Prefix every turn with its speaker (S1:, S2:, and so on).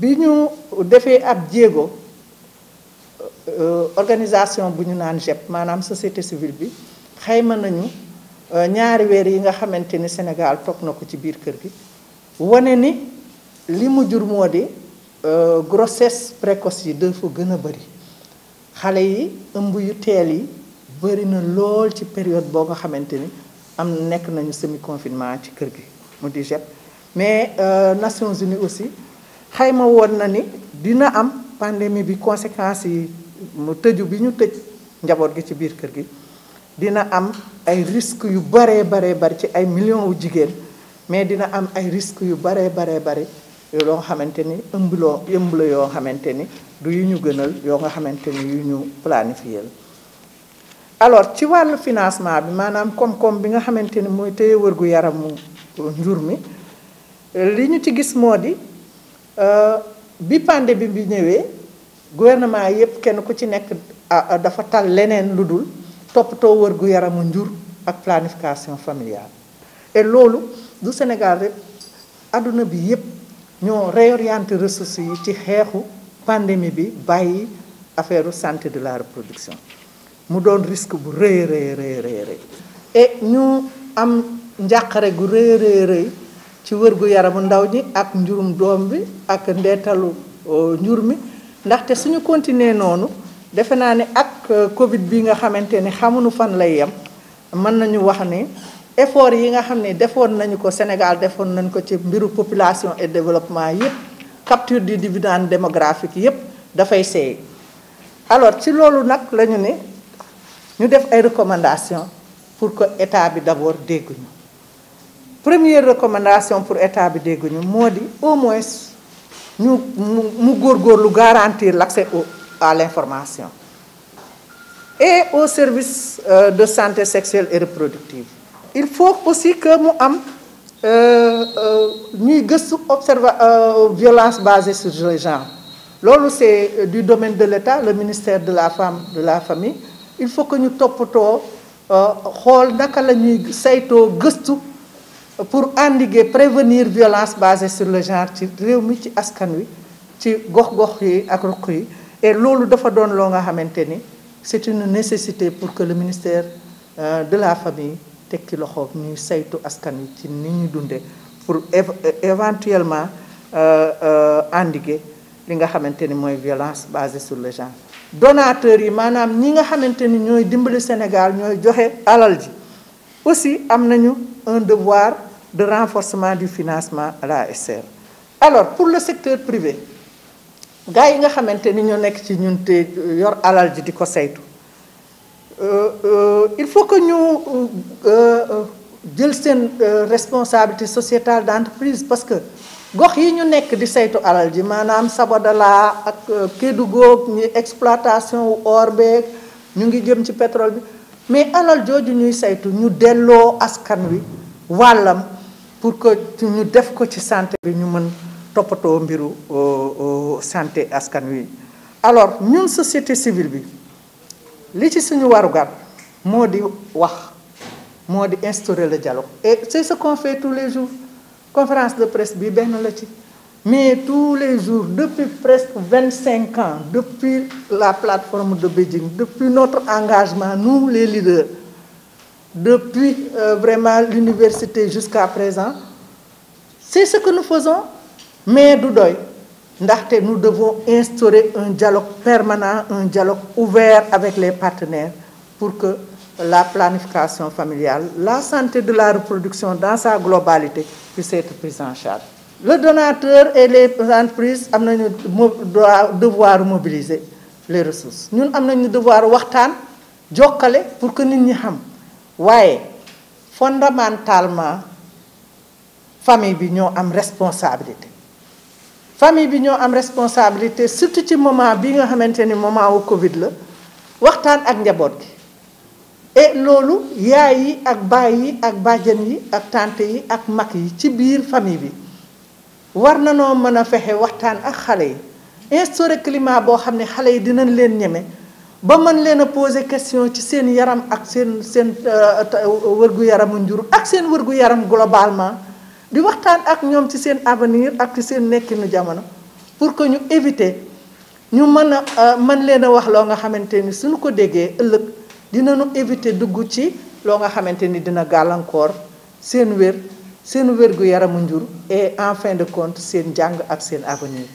S1: bi ñu defee ab jéego euh, organisation bu ñu naan GEP maanaam société civile bi xayma nañu euh, ñaari weer yi nga xamante ni Sénégal toog na ko ci biir kër gi wane ni li mu jur moo di euh, grossesse précoce yi dafa gën a bëri xale yi ëmb yu teel yi bëri na lool ci période boo nga xamante ni am nekk nañu semi confinement ci kër gi mu di jet mais euh, Nations Unies aussi xayma woon na ni dina am pandémie bi conséquences yi mu tëju bi ñu tëj njaboot gi ci biir kër gi dina am ay risques yu baree baree bari ci ay millions wu jigéen mais dina am ay risques yu baree baree bari yoo nga xamante ni ëmb loo ëmb la yoo xamante ni du yu ñu gënal yoo nga xamante ni yu ñu planifié la alors ci wàllu financement bi maanaam koom-koom bi nga xamante ni mooy téye wërgu yaramu njur mi li ñu ci gis moo di euh, bi pandémie bi ñëwee gouvernement yépp kenn ku ci nekk dafa tal leneen lu dul toppatoo wërgu yaramu njur ak planification familiale et loolu du Sénégal rek àdduna bi yépp ñoo réorienté ressources yi ci xeexu pandémie bi bàyyi affaire santé de la reproduction mu doon risque bu rëy rëy rëy rëy ñu am njàqare gu rëy rëy rëy ci wërgu yaramu ndaw ñi ak njurum doom bi ak ndeetalu njur mi ndaxte suñu continuer noonu defe naa ne ak e, Covid bi nga xamante ni xamuñu fan lay yem mën nañu wax ne effort yi nga xam ne defoon nañu ko Sénégal defoon nañu ko ci mbiru population et développement yëpp capture du dividende démographique yëpp dafay seey alors ci loolu nag lañu ñu ne devons faire des recommandations pour que l'État d'abord dégg première recommandation pour l'État bi dégg c'est au moins nous garantir l'accès à l'information et aux services euh, de santé sexuelle et reproductive il faut aussi que nous am la euh, euh, violence basée sur les gens. c'est du domaine de l'État le ministère de la femme de la famille il faut que ñu toppatoo euh, xool naka la ñuy saytoo gëstu pour endiguer prévenir violence basée sur le genre ci réew mi ci askan wi ci gox-gox yi ak ruq yi et loolu dafa doon loo nga xamante c'est une nécessité pour que le ministère euh, de la famille tekki loxoom ñuy saytu askan wi ci ni ñuy dundee pour éventuellement euh, endiguer li nga xamante ni violence basée sur le genre donateurs yi manam ñi nga xamanteni ñoy dimbali Sénégal ñoy joxé alal ji aussi am nañu un devoir de renforcement du financement à la SR alors pour le secteur privé gaay nga xamanteni ni nek ci ñun té yor alal ji euh, euh, il faut que ñu euh, jël sen responsabilité sociétale d'entreprise parce que gox yi ñu nekk di saytu alal ji maanaam Sabodala ak euh, Kédougou ñu exploitation wu or ñu ngi jëm ci pétrole bi mais alal jooju ñuy saytu ñu delloo askan wi wàllam pour que ñu def ko ci santé bi ñu mën toppatoo mbiru euh, euh, santé askan wi. alors ñun société civile bi li ci suñu warugar moo di wax moo di instaurer la dialogue et c'est ce qu'on tous les jours. conférence de presse mais tous les jours depuis presque 25 ans depuis la plateforme de Beijing depuis notre engagement nous les leaders depuis euh, vraiment l'université jusqu'à présent c'est ce que nous faisons mais du doy nous devons instaurer un dialogue permanent un dialogue ouvert avec les partenaires pour que la planification familiale, la santé de la reproduction dans sa globalité puisse être prise en charge. Le donateur et les entreprises doivent devoir mobiliser les ressources Nous avons le devoir de pour que nous ñi xam waaye fondamentalement famille a une responsabilité. responsabilité. famille a une responsabilité surtout ci moment bi nga xamante moment au Covid la waxtaan ak E loolu yaay yi ak baay ak bàjjen yi ak tante yi ak mag yi ci biir famille bi war na noo mën a fexe waxtaan ak xale yi instauré climat boo xam ne xale yi dinañ leen ñeme ba mën leen a poser question ci seen yaram ak seen seen euh, wërgu yaramu njur ak seen wërgu yaram globalement di waxtaan ak ñoom ci seen avenir ak ci seen nekkinu jamono pour que ñu éviter ñu mën a euh, mën leen a wax loo nga xamante ni suñu ko déggee ëllëg. dinañu évité dugg ci loo nga xamante ni dina gàllankoor seen wér seen wér gu yaramu njur et en fin de compte seen njàng ak seen avenir